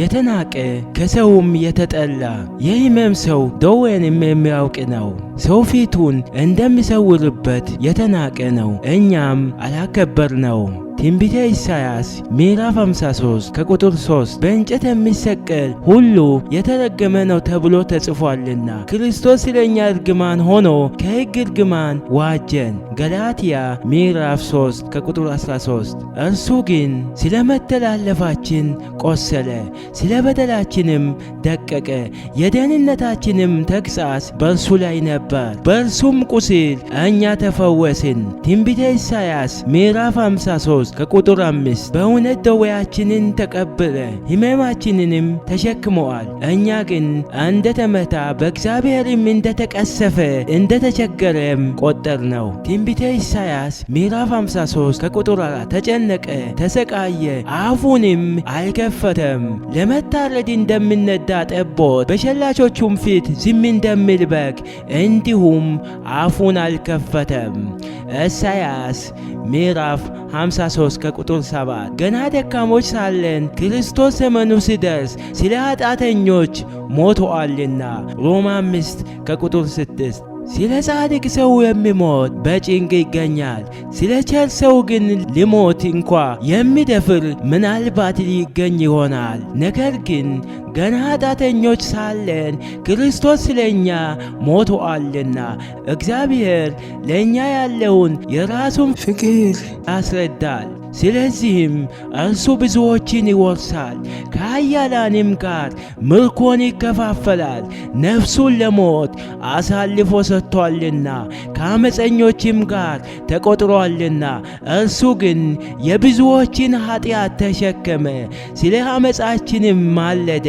የተናቀ ከሰውም የተጠላ የህመም ሰው ደዌንም የሚያውቅ ነው። ሰው ፊቱን እንደሚሰውርበት የተናቀ ነው፣ እኛም አላከበር ነው። ትንቢተ ኢሳያስ ምዕራፍ 53 ከቁጥር 3 በእንጨት የሚሰቀል ሁሉ የተረገመ ነው ተብሎ ተጽፏልና ክርስቶስ ስለኛ እርግማን ሆኖ ከሕግ እርግማን ዋጀን። ገላትያ ምዕራፍ 3 ከቁጥር 13 እርሱ ግን ስለ መተላለፋችን ቆሰለ፣ ስለ በደላችንም ደቀቀ፣ የደህንነታችንም ተግሣጽ በእርሱ ላይ ነበር፣ በእርሱም ቁስል እኛ ተፈወስን። ትንቢተ ኢሳያስ ምዕራፍ 53 3 ከቁጥር 5 በእውነት ደዌያችንን ተቀበለ ሕመማችንንም ተሸክመዋል። እኛ ግን እንደተመታ በእግዚአብሔርም እንደተቀሰፈ ተቸገረም ቆጠር ነው። ትንቢተ ኢሳያስ ምዕራፍ 53 ከቁጥር 4 ተጨነቀ፣ ተሰቃየ፣ አፉንም አልከፈተም። ለመታረድ እንደምነዳ ጠቦት በሸላቾቹም ፊት ዝም እንደሚል በግ እንዲሁም አፉን አልከፈተም። ኢሳያስ ምዕራፍ 53 3 ከቁጥር 7 ገና ደካሞች ሳለን ክርስቶስ ዘመኑ ሲደርስ ስለ ኃጢአተኞች ሞቶአልና ሮማ 5 ከቁጥር 6 ስለ ጻድቅ ሰው የሚሞት በጭንቅ ይገኛል። ስለ ቸር ሰው ግን ሊሞት እንኳ የሚደፍር ምናልባት ሊገኝ ይሆናል። ነገር ግን ገና ኃጢአተኞች ሳለን ክርስቶስ እኛ ሞቶአልና እግዚአብሔር ለእኛ ያለውን የራሱን ፍቅር ያስረዳል። ስለዚህም እርሱ ብዙዎችን ይወርሳል፣ ከኃያላንም ጋር ምርኮን ይከፋፈላል። ነፍሱን ለሞት አሳልፎ ሰጥቷልና ከአመፀኞችም ጋር ተቆጥሯልና። እርሱ ግን የብዙዎችን ኃጢአት ተሸከመ፣ ስለ አመፃችንም ማለደ።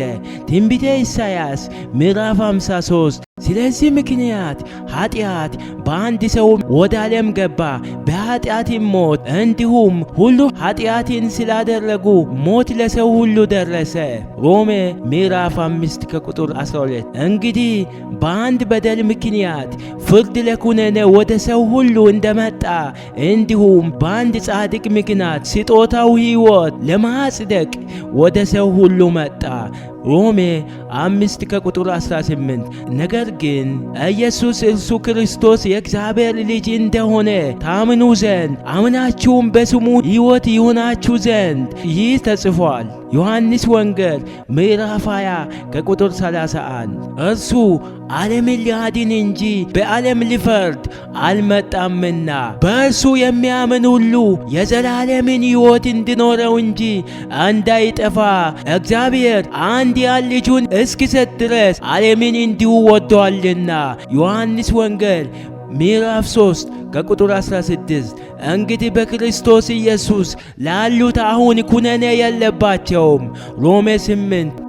ትንቢተ ኢሳይያስ ምዕራፍ 53 ስለዚህ ምክንያት ኃጢአት በአንድ ሰው ወደ ዓለም ገባ፣ በኃጢአትም ሞት። እንዲሁም ሁሉ ኃጢአትን ስላደረጉ ሞት ለሰው ሁሉ ደረሰ። ሮሜ ምዕራፍ 5 ከቁጥር 12። እንግዲህ በአንድ በደል ምክንያት ፍርድ ለኩነኔ ወደ ሰው ሁሉ እንደመጣ እንዲሁም በአንድ ጻድቅ ምክንያት ስጦታው ሕይወት ለማጽደቅ ወደ ሰው ሁሉ መጣ። ሮሜ አምስት ከቁጥር 18 ነገር ግን ኢየሱስ እርሱ ክርስቶስ የእግዚአብሔር ልጅ እንደሆነ ታምኑ ዘንድ አምናችሁም በስሙ ሕይወት ይሆናችሁ ዘንድ ይህ ተጽፏል። ዮሐንስ ወንጌል ምዕራፍ 20 ከቁጥር 31። እርሱ ዓለምን ሊያድን እንጂ በዓለም ሊፈርድ አልመጣምና በእርሱ የሚያምን ሁሉ የዘላለምን ሕይወት እንዲኖረው እንጂ እንዳይጠፋ እግዚአብሔር አንድያ ልጁን እስኪሰጥ ድረስ ዓለምን እንዲሁ ወዷል ጽፏልና። ዮሐንስ ወንጌል ምዕራፍ 3 ከቁጥር 16 እንግዲህ በክርስቶስ ኢየሱስ ላሉት አሁን ኩነኔ የለባቸውም። ሮሜ 8